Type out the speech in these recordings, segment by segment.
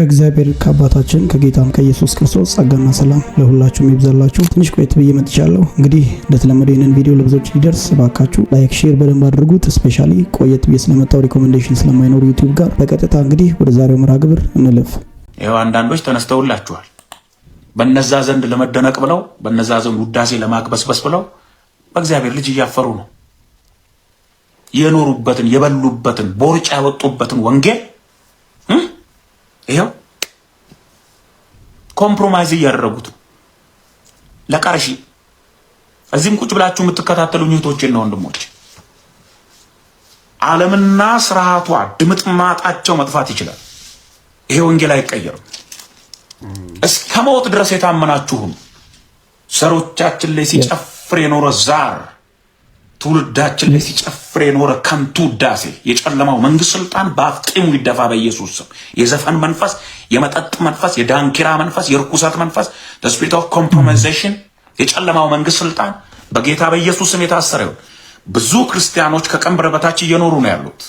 ከእግዚአብሔር ከአባታችን ከጌታም ከኢየሱስ ክርስቶስ ጸጋና ሰላም ለሁላችሁም ይብዛላችሁ። ትንሽ ቆየት ብዬ መጥቻለሁ። እንግዲህ እንደተለመደው ይህንን ቪዲዮ ለብዙዎች ሊደርስ ባካችሁ ላይክ፣ ሼር በደንብ አድርጉት። ስፔሻሊ ቆየት ብዬ ስለመጣው ሪኮሜንዴሽን ስለማይኖር ዩቲዩብ ጋር በቀጥታ እንግዲህ ወደ ዛሬው መርሃ ግብር እንልፍ። ይኸው አንዳንዶች ተነስተውላችኋል። በነዛ ዘንድ ለመደነቅ ብለው በነዛ ዘንድ ውዳሴ ለማክበስበስ ብለው በእግዚአብሔር ልጅ እያፈሩ ነው። የኖሩበትን የበሉበትን ቦርጫ ያወጡበትን ወንጌል ይኸው ኮምፕሮማይዝ እያደረጉት ነው። ለቀርሺ እዚህም ቁጭ ብላችሁ የምትከታተሉ እህቶችና ወንድሞች ዓለምና ስርዓቷ ድምጥማጣቸው መጥፋት ይችላል። ይሄ ወንጌል አይቀየርም። እስከ ሞት ድረስ የታመናችሁም ዘሮቻችን ላይ ሲጨፍር የኖረ ዛር ትውልዳችን ላይ ሲጨፍር የኖረ ከንቱ ውዳሴ፣ የጨለማው መንግስት ስልጣን በአፍጢሙ ይደፋ በኢየሱስ ስም። የዘፈን መንፈስ፣ የመጠጥ መንፈስ፣ የዳንኪራ መንፈስ፣ የርኩሳት መንፈስ፣ ስፒሪት ኦፍ ኮምፕሮማይዜሽን፣ የጨለማው መንግስት ስልጣን በጌታ በኢየሱስ ስም የታሰረ ይሁን። ብዙ ክርስቲያኖች ከቀንበር በታች እየኖሩ ነው ያሉት።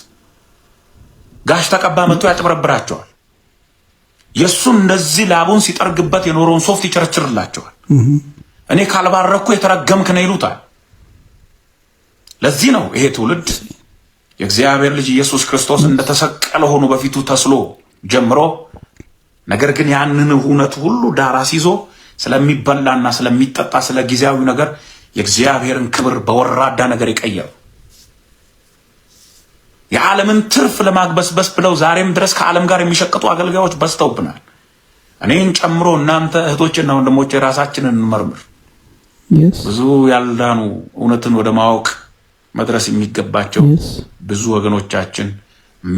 ጋሽ ተቀባ መጥቶ ያጭበረብራቸዋል። የእሱን እንደዚህ ላቡን ሲጠርግበት የኖረውን ሶፍት ይቸረችርላቸዋል። እኔ ካልባረኩ የተረገምክ ነው ይሉታል። ለዚህ ነው ይሄ ትውልድ የእግዚአብሔር ልጅ ኢየሱስ ክርስቶስ እንደተሰቀለ ሆኖ በፊቱ ተስሎ ጀምሮ ነገር ግን ያንን እውነት ሁሉ ዳራ ሲዞ ስለሚበላና ስለሚጠጣ ስለ ጊዜያዊ ነገር የእግዚአብሔርን ክብር በወራዳ ነገር ይቀየሩ የዓለምን ትርፍ ለማግበስበስ ብለው ዛሬም ድረስ ከዓለም ጋር የሚሸቅጡ አገልጋዮች በዝተውብናል። እኔን ጨምሮ እናንተ እህቶችና ወንድሞች የራሳችንን እንመርምር። ብዙ ያልዳኑ እውነትን ወደ ማወቅ መድረስ የሚገባቸው ብዙ ወገኖቻችን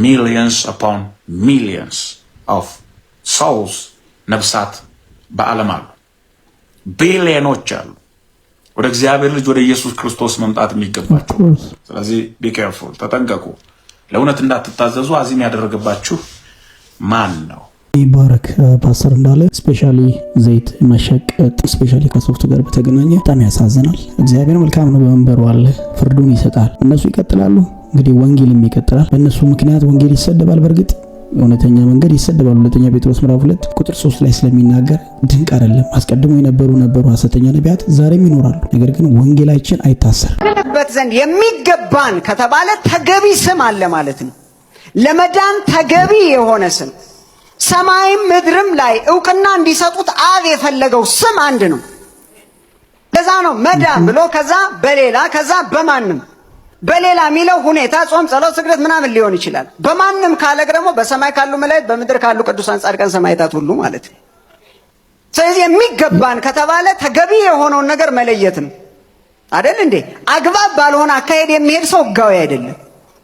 ሚሊየንስ አፖን ሚሊየንስ ኦፍ ሰውስ ነብሳት በዓለም አሉ። ቢሊዮኖች አሉ ወደ እግዚአብሔር ልጅ ወደ ኢየሱስ ክርስቶስ መምጣት የሚገባቸው። ስለዚህ ቢኬርፉል ተጠንቀቁ። ለእውነት እንዳትታዘዙ አዚም ያደረገባችሁ ማን ነው? ይባረክ ፓስተር እንዳለ ስፔሻሊ ዘይት መሸቀጥ ስፔሻሊ ከሶፍቱ ጋር በተገናኘ በጣም ያሳዝናል። እግዚአብሔር መልካም ነው፣ በመንበሩ አለ፣ ፍርዱን ይሰጣል። እነሱ ይቀጥላሉ፣ እንግዲህ ወንጌልም ይቀጥላል። በእነሱ ምክንያት ወንጌል ይሰደባል። በእርግጥ እውነተኛ መንገድ ይሰደባል። ሁለተኛ ጴጥሮስ ምዕራፍ ሁለት ቁጥር ሶስት ላይ ስለሚናገር ድንቅ አይደለም። አስቀድሞ የነበሩ ነበሩ ሐሰተኛ ነቢያት ዛሬም ይኖራሉ፣ ነገር ግን ወንጌላችን አይታሰርም። ዘንድ የሚገባን ከተባለ ተገቢ ስም አለ ማለት ነው። ለመዳን ተገቢ የሆነ ስም ሰማይም ምድርም ላይ እውቅና እንዲሰጡት አብ የፈለገው ስም አንድ ነው። ለዛ ነው መዳን ብሎ ከዛ በሌላ ከዛ በማንም በሌላ የሚለው ሁኔታ ጾም፣ ጸሎት፣ ስግደት ምናምን ሊሆን ይችላል። በማንም ካለቅ ደግሞ በሰማይ ካሉ መላእክት፣ በምድር ካሉ ቅዱሳን፣ ጻድቃን፣ ሰማዕታት ሁሉ ማለት ነው። ስለዚህ የሚገባን ከተባለ ተገቢ የሆነውን ነገር መለየት ነው አደል እንዴ? አግባብ ባልሆነ አካሄድ የሚሄድ ሰው ህጋዊ አይደለም።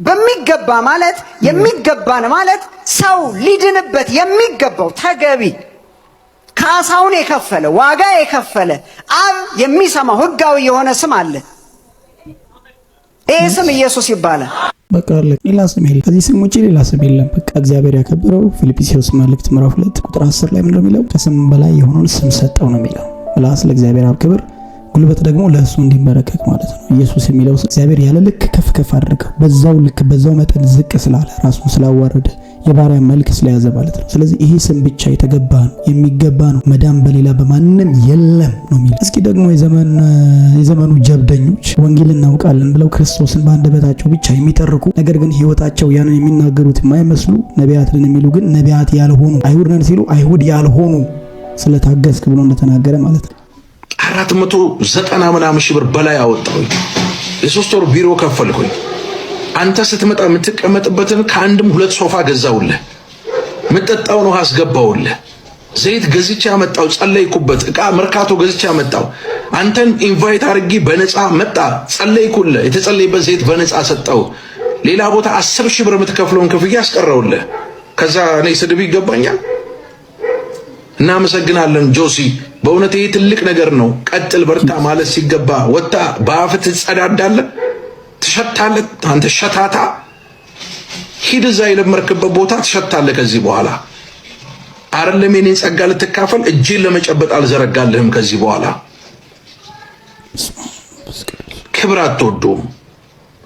በሚገባ ማለት የሚገባን ማለት ሰው ሊድንበት የሚገባው ተገቢ ካሳውን የከፈለ ዋጋ የከፈለ አብ የሚሰማው ህጋዊ የሆነ ስም አለ። ይህ ስም ኢየሱስ ይባላል። በቃ ሌላ ስም የለም። ከዚህ ስም ውጭ ሌላ ስም የለም። በቃ እግዚአብሔር ያከበረው ፊልጵስዩስ መልእክት ምዕራፍ ሁለት ቁጥር አስር ላይ ምንድነው የሚለው? ከስም በላይ የሆነውን ስም ሰጠው ነው የሚለው። ምላስ ለእግዚአብሔር አብ ክብር ጉልበት ደግሞ ለእሱ እንዲመረከክ ማለት ነው። ኢየሱስ የሚለው እግዚአብሔር ያለ ልክ ከፍ ከፍ አድርገው በዛው ልክ በዛው መጠን ዝቅ ስላለ ራሱን ስላዋረደ የባሪያ መልክ ስለያዘ ማለት ነው። ስለዚህ ይሄ ስም ብቻ የተገባ ነው የሚገባ ነው፣ መዳን በሌላ በማንም የለም ነው የሚል። እስኪ ደግሞ የዘመኑ ጀብደኞች ወንጌል እናውቃለን ብለው ክርስቶስን በአንደበታቸው ብቻ የሚጠርኩ ነገር ግን ህይወታቸው ያንን የሚናገሩት የማይመስሉ ነቢያት ነን የሚሉ ግን ነቢያት ያልሆኑ አይሁድ ነን ሲሉ አይሁድ ያልሆኑ ስለታገስክ ብሎ እንደተናገረ ማለት ነው። ከአራት መቶ ዘጠና ምናምን ሺህ ብር በላይ አወጣሁኝ። የሶስት ወር ቢሮ ከፈልኩኝ። አንተ ስትመጣ የምትቀመጥበትን ከአንድም ሁለት ሶፋ ገዛውልህ፣ የምጠጣውን ውሃ አስገባውልህ፣ ዘይት ገዝቼ አመጣው፣ ጸለይኩበት። እቃ መርካቶ ገዝቼ አመጣው። አንተን ኢንቫይት አድርጌ በነፃ መጣ፣ ጸለይኩልህ። የተጸለይበት ዘይት በነፃ ሰጠው። ሌላ ቦታ አስር ሺህ ብር የምትከፍለውን ክፍያ አስቀረውልህ። ከዛ እኔ ስድብ ይገባኛል። እናመሰግናለን ጆሲ በእውነት ይህ ትልቅ ነገር ነው። ቀጥል፣ በርታ ማለት ሲገባ ወጣ። በአፍት ትጸዳዳለህ፣ ትሸታለህ። አንተ ሸታታ ሂድ፣ እዛ የለመርክበት ቦታ ትሸታለህ። ከዚህ በኋላ አይደለም የኔን ጸጋ ልትካፈል እጅን ለመጨበጥ አልዘረጋልህም። ከዚህ በኋላ ክብር አትወዱም።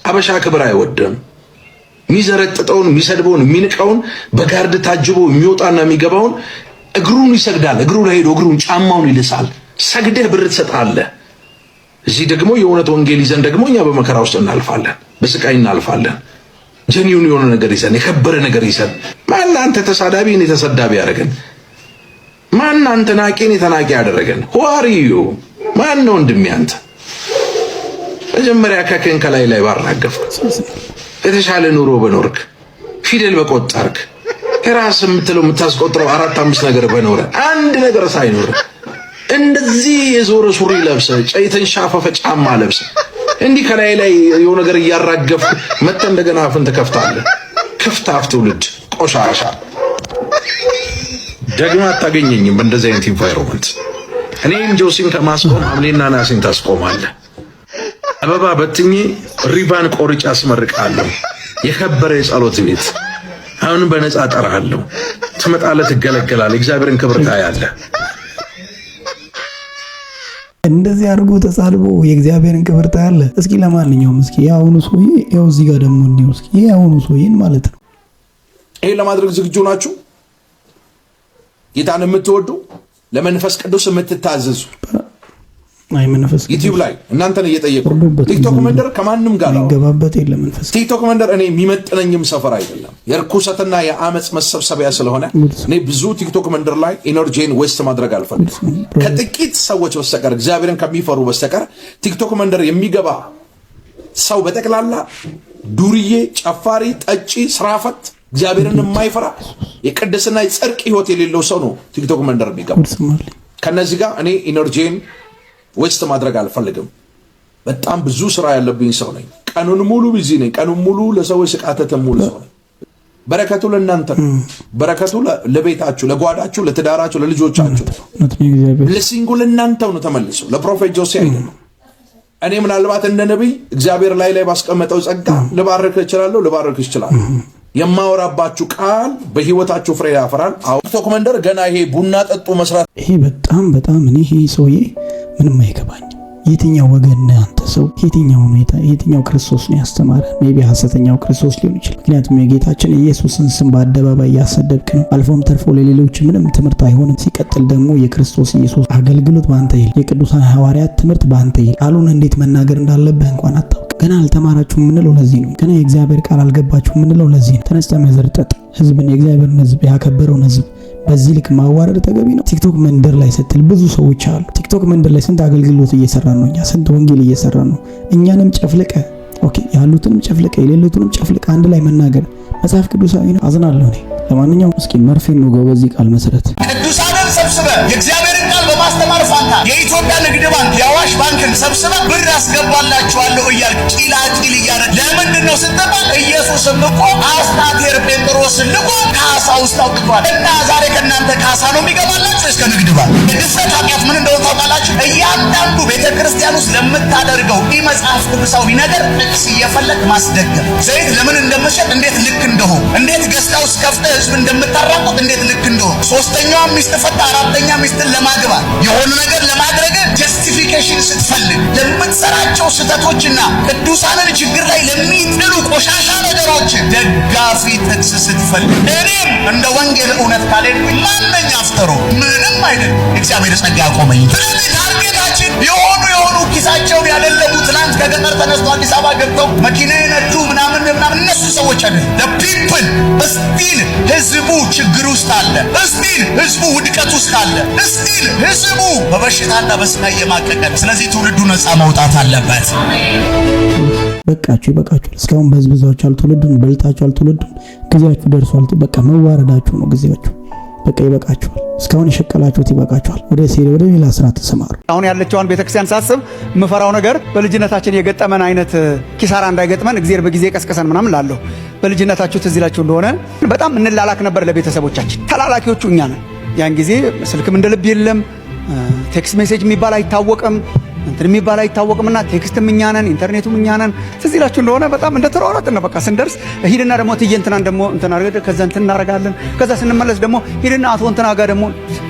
አበሻ ክብር አይወድም። የሚዘረጥጠውን፣ የሚሰድበውን፣ የሚንቀውን በጋርድ ታጅቦ የሚወጣና የሚገባውን እግሩን ይሰግዳል። እግሩ ላይ ሄዶ እግሩን ጫማውን ይልሳል። ሰግደህ ብር ትሰጣለህ። እዚህ ደግሞ የእውነት ወንጌል ይዘን ደግሞ እኛ በመከራ ውስጥ እናልፋለን፣ በስቃይ እናልፋለን። ጀኒውን የሆነ ነገር ይዘን የከበረ ነገር ይዘን ማን አንተ ተሳዳቢ እኔ ተሰዳቢ ያደረገን ማን አንተ ናቂ እኔ ተናቂ ያደረገን ሆዋሪዩ ማን ነው ወንድሜ አንተ መጀመሪያ ከከን ከላይ ላይ ባራገፍክ የተሻለ ኑሮ በኖርክ ፊደል በቆጠርክ የራስ የምትለው የምታስቆጥረው አራት አምስት ነገር በኖረ አንድ ነገር ሳይኖር እንደዚህ የዞረ ሱሪ ለብሰ ጨይተን ሻፈፈ ጫማ ለብሰ እንዲህ ከላይ ላይ የሆነ ነገር እያራገፍ መተ እንደገና አፍን ትከፍታለህ። ክፍት አፍ ትውልድ ቆሻሻ ደግማ አታገኘኝም። እንደዚህ አይነት ኢንቫይሮመንት እኔም ጆሲም ከማስቆም አምሌና ናሲን ታስቆማለህ። አበባ በትኜ ሪባን ቆርጬ አስመርቃለሁ። የከበረ የጸሎት ቤት አሁንም በነፃ እጠራሃለሁ። ትመጣለህ፣ ትገለገላለህ፣ እግዚአብሔርን ክብር ታያለህ። እንደዚህ አድርጎ ተሳልቦ የእግዚአብሔርን ክብር ታያለህ። እስኪ ለማንኛውም እስኪ የአሁኑ ሰውዬ ያው እዚህ ጋር ደግሞ እንዲሁ እስኪ የአሁኑ ሰውዬን ማለት ነው ይሄን ለማድረግ ዝግጁ ናችሁ? ጌታን የምትወዱ ለመንፈስ ቅዱስ የምትታዘዙ ዩቲዩብ ላይ እናንተን እየጠየቁ ቲክቶክ መንደር ከማንም ጋር መንፈስ ቲክቶክ መንደር እኔ የሚመጥነኝም ሰፈር አይደለም። የርኩሰትና የአመፅ መሰብሰቢያ ስለሆነ እኔ ብዙ ቲክቶክ መንደር ላይ ኢነርጂን ዌስት ማድረግ አልፈልግም። ከጥቂት ሰዎች በስተቀር እግዚአብሔርን ከሚፈሩ በስተቀር ቲክቶክ መንደር የሚገባ ሰው በጠቅላላ ዱርዬ፣ ጨፋሪ፣ ጠጪ፣ ስራፈት እግዚአብሔርን የማይፈራ የቅድስና የጽድቅ ህይወት የሌለው ሰው ነው ቲክቶክ መንደር የሚገባ። ከነዚህ ጋር እኔ ኢነርጂን ዌስት ማድረግ አልፈልግም። በጣም ብዙ ስራ ያለብኝ ሰው ነኝ። ቀኑን ሙሉ ቢዚ ነኝ። ቀኑን ሙሉ ለሰዎች ስቃተት ሙሉ ሰው ነኝ። በረከቱ ለእናንተ ነው። በረከቱ ለቤታችሁ፣ ለጓዳችሁ፣ ለትዳራችሁ፣ ለልጆቻችሁ ለሲንጉ ለእናንተው ነው። ተመልሶ ለፕሮፌት ጆሴ አይደለም። እኔ ምናልባት እንደ ነቢይ እግዚአብሔር ላይ ላይ ባስቀመጠው ጸጋ ልባርክ እችላለሁ፣ ልባርክ ይችላል። የማወራባችሁ ቃል በህይወታችሁ ፍሬ ያፈራል። ቲክቶክ መንደር ገና ይሄ ቡና ጠጡ መስራት ይሄ በጣም በጣም እኔ ይሄ ሰውዬ ምንም አይገባኝ። የትኛው ወገን ነህ አንተ ሰው? የትኛው ሁኔታ? የትኛው ክርስቶስ ነው ያስተማረ? ሜቢ ሐሰተኛው ክርስቶስ ሊሆን ይችላል። ምክንያቱም የጌታችን ኢየሱስን ስም በአደባባይ እያሰደብክ ነው። አልፎም ተርፎ ለሌሎች ምንም ትምህርት አይሆንም። ሲቀጥል ደግሞ የክርስቶስ ኢየሱስ አገልግሎት በአንተ ይል፣ የቅዱሳን ሐዋርያት ትምህርት በአንተ ይል። ቃሉን እንዴት መናገር እንዳለብህ እንኳን አታውቅ። ገና አልተማራችሁ ምንለው ለዚህ ነው። ገና የእግዚአብሔር ቃል አልገባችሁ ምንለው ለዚህ ነው። ተነስተ መዘርጠጥ ህዝብን የእግዚአብሔርን ህዝብ ያከበረውን ህዝብ በዚህ ልክ ማዋረድ ተገቢ ነው? ቲክቶክ መንደር ላይ ስትል ብዙ ሰዎች አሉ። ቲክቶክ መንደር ላይ ስንት አገልግሎት እየሰራ ነው? እኛ ስንት ወንጌል እየሰራ ነው? እኛንም ጨፍልቀ ኦኬ፣ ያሉትንም ጨፍልቀ የሌሉትንም ጨፍልቀ አንድ ላይ መናገር መጽሐፍ ቅዱሳዊ ነው። አዝናለሁ እኔ። ለማንኛውም እስኪ መርፌን ነው በዚህ ቃል መሰረት ቅዱሳንን ሰብስበ የእግዚአብሔርን ቃል በማስተማር ፋንታ የኢትዮጵያ ንግድ ባንክ የአዋሽ ባንክን ሰብስበ ብር አስገባላችኋለሁ እያል ቂላቂል እያለ ለምንድን ነው ስትባል ኢየሱስም እኮ አስታቴር ጴጥሮስን ልኮ ካሳ ውስጥ አውጥቷል እና ዛሬ ከእናንተ ካሳ ነው የሚገባላችሁ እስከ ንግድ ባንክ ድፍረት ኃጢአት ምን እንደሆነ ታውቃላችሁ እያንዳንዱ ቤተ ክርስቲያን ውስጥ ለምታደርገው ኢ መጽሐፍ ቅዱሳዊ ነገር ጥቅስ እየፈለግ ማስደገም ዘይት ለምን እንደምሸጥ እንዴት ልክ እንደሆን እንዴት ገዝታ ውስጥ ከፍተ ህዝብ እንደምታራቁት እንዴት ልክ እንደሆን ሶስተኛዋ ሚስት ፈታ አራተኛ ሚስትን ለማግባት የሆነ ነገር ለማድረግ ጀስቲፊኬሽን ስትፈልግ ለምትሰራቸው ስህተቶችና ቅዱሳንን ችግር ላይ ለሚጥሉ ቆሻሻ ነገሮች ደጋፊ ጥቅስ ስትፈልግ እኔም እንደ ወንጌል እውነት ካልሄድኩኝ ማነኝ አፍጠሮ ምንም አይደል። እግዚአብሔር ጸጋ ያቆመኝ። ታርጌታችን የሆኑ የሆኑ ኪሳቸውን ያደለቡ ትናንት ከገጠር ተነስቶ አዲስ አበባ ገብተው መኪና የነዱ ምናምን ምናምን እነሱ ሰዎች አይደለም። ለፒፕል እስቲል ህዝቡ ችግር ውስጥ አለ። እስቲል ህዝቡ ውድቀት ውስጥ አለ። እስቲል ህዝቡ በበሽታና በስና እየማቀቀ ስለዚህ ትውልዱ ነፃ መውጣት አለበት። በቃችሁ፣ በቃችሁ። እስካሁን በዝብዛችኋል፣ ትውልዱን በልታችኋል፣ ትውልዱን ጊዜያችሁ ደርሷል። በቃ መዋረዳችሁ ነው ጊዜያችሁ በቃ ይበቃችኋል። እስካሁን የሸቀላችሁት ይበቃችኋል። ወደ ሴ ወደ ሌላ ስራ ተሰማሩ። አሁን ያለችዋን ቤተክርስቲያን ሳስብ ምፈራው ነገር በልጅነታችን የገጠመን አይነት ኪሳራ እንዳይገጥመን እግዚአብሔር በጊዜ ቀስቀሰን ምናምን ላለሁ በልጅነታችሁ ትዝ ይላችሁ እንደሆነ በጣም እንላላክ ነበር ለቤተሰቦቻችን። ተላላኪዎቹ እኛ ነን። ያን ጊዜ ስልክም እንደ ልብ የለም። ቴክስት ሜሴጅ የሚባል አይታወቅም። እንትን የሚባል አይታወቅምና ቴክስትም እኛ ነን፣ ኢንተርኔቱም እኛ ነን። ትዝ ይላችሁ እንደሆነ በጣም እንደ ተሯሯጥን ነው። በቃ ስንደርስ ሂድና ደግሞ ትዬ እንትናን ደግሞ እንትን አድርገህ ከዛ እንትን እናደርጋለን። ከዛ ስንመለስ ደግሞ ሂድና አቶ እንትና ጋር ደግሞ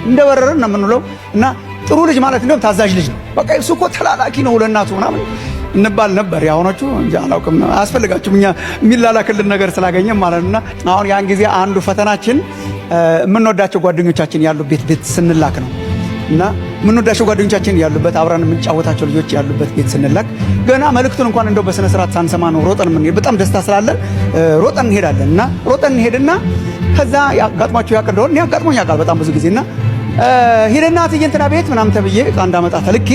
እንደበረረን ነው የምንውለው። እና ጥሩ ልጅ ማለት እንደውም ታዛዥ ልጅ ነው። በቃ እሱ እኮ ተላላኪ ነው ለእናቱ ምናምን እንባል ነበር። የአሁኖቹ እንጂ አላውቅም፣ አያስፈልጋችሁም እኛ የሚላላክልን ነገር ስላገኘም ማለት ነውና አሁን ያን ጊዜ አንዱ ፈተናችን የምንወዳቸው ጓደኞቻችን ያሉ ቤት ቤት ስንላክ ነው እና የምንወዳቸው ጓደኞቻችን ያሉበት አብራን የምንጫወታቸው ልጆች ያሉበት ቤት ስንላክ ገና መልእክቱን እንኳን እንደው በስነ ስርዓት ሳንሰማ ነው ሮጠን የምንሄድ። በጣም ደስታ ስላለን ሮጠን እንሄዳለን እና ሮጠን እንሄድና ከዛ ያጋጥሟቸው ያውቅ እንደሆነ ያጋጥሞኝ ያውቃል በጣም ብዙ ጊዜና ሄደና እትዬ እንትና ቤት ምናምን ተብዬ ዕቃ እንዳመጣ ተልኬ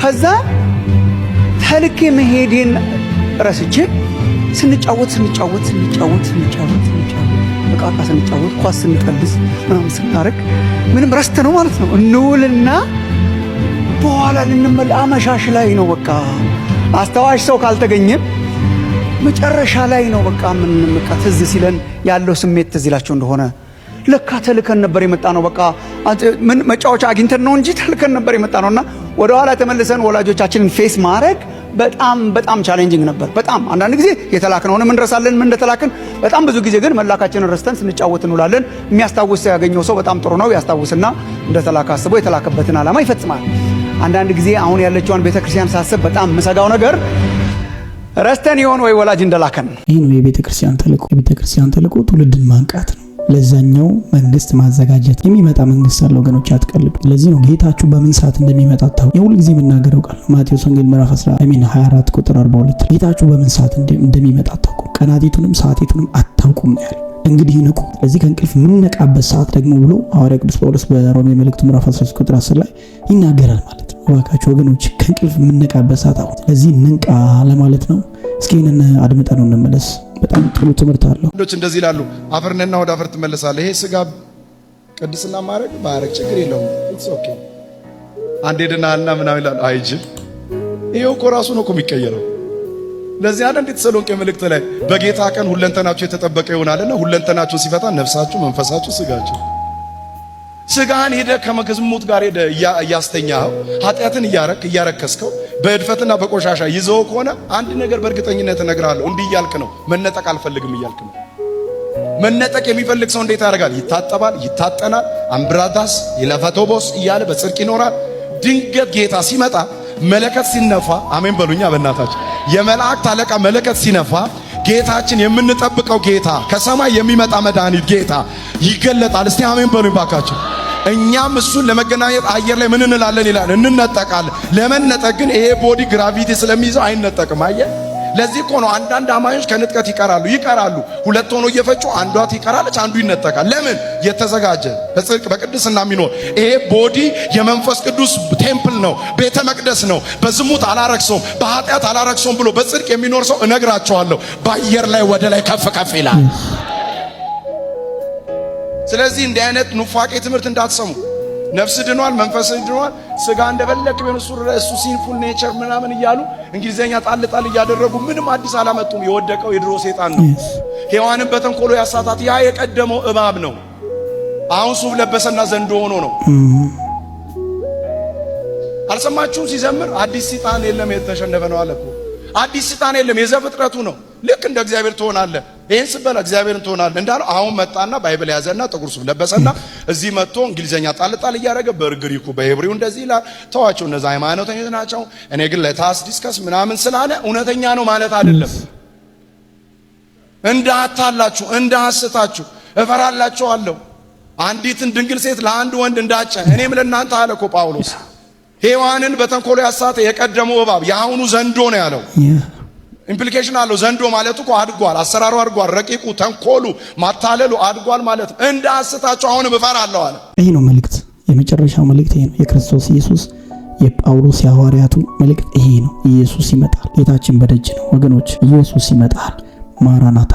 ከዛ ተልኬ መሄዴን ረስቼ ስንጫወት ስንጫወት ስንጫወት ስንጫወት እቃ ስንጫወት ኳስ ስንጠልስ፣ ምናምን ስናደርግ ምንም ረስተ ነው ማለት ነው እንውልና በኋላ ልንመል አመሻሽ ላይ ነው በቃ አስታዋሽ ሰው ካልተገኘም መጨረሻ ላይ ነው በቃ ምንምቃ ትዝ ሲለን ያለው ስሜት ትዝ ይላቸው እንደሆነ ለካ ተልከን ነበር የመጣ ነው። በቃ ምን መጫወቻ አግኝተን ነው እንጂ ተልከን ነበር የመጣ ነው። እና ወደኋላ ተመልሰን ወላጆቻችንን ፌስ ማድረግ በጣም በጣም ቻሌንጂንግ ነበር። በጣም አንዳንድ ጊዜ የተላክነውንም እንረሳለን፣ ምን እንደተላክን። በጣም ብዙ ጊዜ ግን መላካችንን ረስተን ስንጫወት እንውላለን። የሚያስታውስ ያገኘው ሰው በጣም ጥሩ ነው። ያስታውስና እንደተላከ አስቦ የተላከበትን ዓላማ ይፈጽማል። አንዳንድ ጊዜ አሁን ያለችዋን ቤተክርስቲያን ሳስብ በጣም ምሰጋው ነገር ረስተን ይሆን ወይ ወላጅ እንደላከን። ይህ ነው የቤተክርስቲያን ተልእኮ። የቤተክርስቲያን ተልእኮ ትውልድን ማንቃት ነው። ለዛኛው መንግስት ማዘጋጀት የሚመጣ መንግስት አለ ወገኖች፣ አትቀልዱ። ለዚህ ነው ጌታችሁ በምን ሰዓት እንደሚመጣ ታው የሁል ጊዜ የምናገረው ቃል ማቴዎስ ወንጌል ምዕራፍ 24 ቁጥር 42 ጌታችሁ በምን ሰዓት እንደሚመጣ አታውቁ፣ ቀናቲቱንም ሰዓቲቱንም አታውቁም ነው ያለ። እንግዲህ ንቁ፣ ለዚህ ከእንቅልፍ የምንነቃበት ሰዓት ደግሞ ብሎ ሐዋርያ ቅዱስ ጳውሎስ በሮሜ መልእክቱ ምዕራፍ 13 ቁጥር 10 ላይ ይናገራል ማለት ነው። እባካችሁ ወገኖች ከእንቅልፍ የምንነቃበት ሰዓት አሁን፣ ስለዚህ ንንቃ ለማለት ነው። እስኪ ይህንን አድምጠን እንመለስ። በጣም ጥሩ ትምህርት አለው። ወንዶች እንደዚህ ይላሉ፣ አፈርነና ወደ አፈር ትመለሳለህ። ይሄ ስጋ ቅድስና ማድረግ ማድረግ ችግር የለውም ኢትስ ኦኬ አንዴ ደናልና ምናምን ይላል። አይጅ ይሄው እኮ ራሱ ነው እኮ የሚቀየረው። ለዚህ አንድ የተሰሎንቄ መልእክት ላይ በጌታ ቀን ሁለንተናችሁ የተጠበቀ ይሆናልና ሁለንተናችሁ ሲፈታ ነፍሳችሁ፣ መንፈሳችሁ፣ ስጋችሁ ስጋህን ሄደ ከመግዝሙት ጋር ሄደ እያስተኛኸው ኃጢአትን እያረክ እያረከስከው በእድፈትና በቆሻሻ ይዘው ከሆነ አንድ ነገር በእርግጠኝነት እነግርሃለሁ፣ እንዲህ እያልክ ነው መነጠቅ አልፈልግም እያልክ ነው። መነጠቅ የሚፈልግ ሰው እንዴት ያደርጋል? ይታጠባል፣ ይታጠናል፣ አምብራታስ የለፈቶቦስ እያለ በጽድቅ ይኖራል። ድንገት ጌታ ሲመጣ መለከት ሲነፋ፣ አሜን በሉኛ በእናታችን የመላእክት አለቃ መለከት ሲነፋ ጌታችን የምንጠብቀው ጌታ ከሰማይ የሚመጣ መድኃኒት ጌታ ይገለጣል። እስቲ አሜን በሉኝ ባካቸው። እኛም እሱን ለመገናኘት አየር ላይ ምን እንላለን ይላል እንነጠቃለን። ለመነጠቅ ግን ይሄ ቦዲ ግራቪቲ ስለሚይዘው አይነጠቅም። አየ ለዚህ እኮ ነው አንዳንድ አማኞች ከንጥቀት ይቀራሉ ይቀራሉ። ሁለት ሆኖ እየፈጩ አንዷ ትቀራለች፣ አንዱ ይነጠቃል። ለምን? የተዘጋጀ በጽድቅ በቅድስና የሚኖር ይሄ ቦዲ የመንፈስ ቅዱስ ቴምፕል ነው፣ ቤተ መቅደስ ነው። በዝሙት አላረክሰውም፣ በኃጢአት አላረክሰውም ብሎ በጽድቅ የሚኖር ሰው እነግራቸዋለሁ፣ በአየር ላይ ወደ ላይ ከፍ ከፍ ይላል። ስለዚህ እንዲህ አይነት ኑፋቄ ትምህርት እንዳትሰሙ። ነፍስ ድኗል፣ መንፈስ ድኗል፣ ስጋ እንደበለቅ ቢሆን እሱ እሱ ሲንፉል ኔቸር ምናምን እያሉ እንግሊዘኛ ጣል ጣል እያደረጉ ምንም አዲስ አላመጡም። የወደቀው የድሮ ሰይጣን ነው። ሔዋንን በተንኮሎ ያሳታት ያ የቀደመው እባብ ነው። አሁን ሱፍ ለበሰና ዘንዶ ሆኖ ነው። mm-hmm. አልሰማችሁም? ሲዘምር አዲስ ሰይጣን የለም የተሸነፈ ነው አለ። አዲስ ሰይጣን የለም የዘፍጥረቱ ነው። ልክ እንደ እግዚአብሔር ትሆናለህ። ይህን ስበላ እግዚአብሔርን ትሆናለህ እንዳለው አሁን መጣና ባይብል ያዘና ጥቁር ሱፍ ለበሰና እዚህ መጥቶ እንግሊዝኛ ጣልጣል እያደረገ በግሪኩ በሄብሪው እንደዚህ ይላል። ተዋቸው፣ እነዚ ሃይማኖተኞች ናቸው። እኔ ግን ለታስ ዲስከስ ምናምን ስላለ እውነተኛ ነው ማለት አይደለም። እንዳታላችሁ፣ እንዳስታችሁ እፈራላችኋለሁ። አንዲትን ድንግል ሴት ለአንድ ወንድ እንዳጨ እኔም ለእናንተ አለ እኮ ጳውሎስ ሔዋንን በተንኮሎ ያሳተ የቀደመው እባብ የአሁኑ ዘንዶ ነው ያለው። ኢምፕሊኬሽን አለው። ዘንዶ ማለት እኮ አድጓል፣ አሰራሩ አድጓል፣ ረቂቁ ተንኮሉ፣ ማታለሉ አድጓል ማለት እንደ አሁን አሁንም እፈራለሁ አለ። ይሄ ነው መልእክት፣ የመጨረሻው መልእክት ይሄ ነው። የክርስቶስ ኢየሱስ የጳውሎስ የሐዋርያቱ መልእክት ይሄ ነው። ኢየሱስ ይመጣል፣ ጌታችን በደጅ ነው። ወገኖች ኢየሱስ ይመጣል። ማራናታ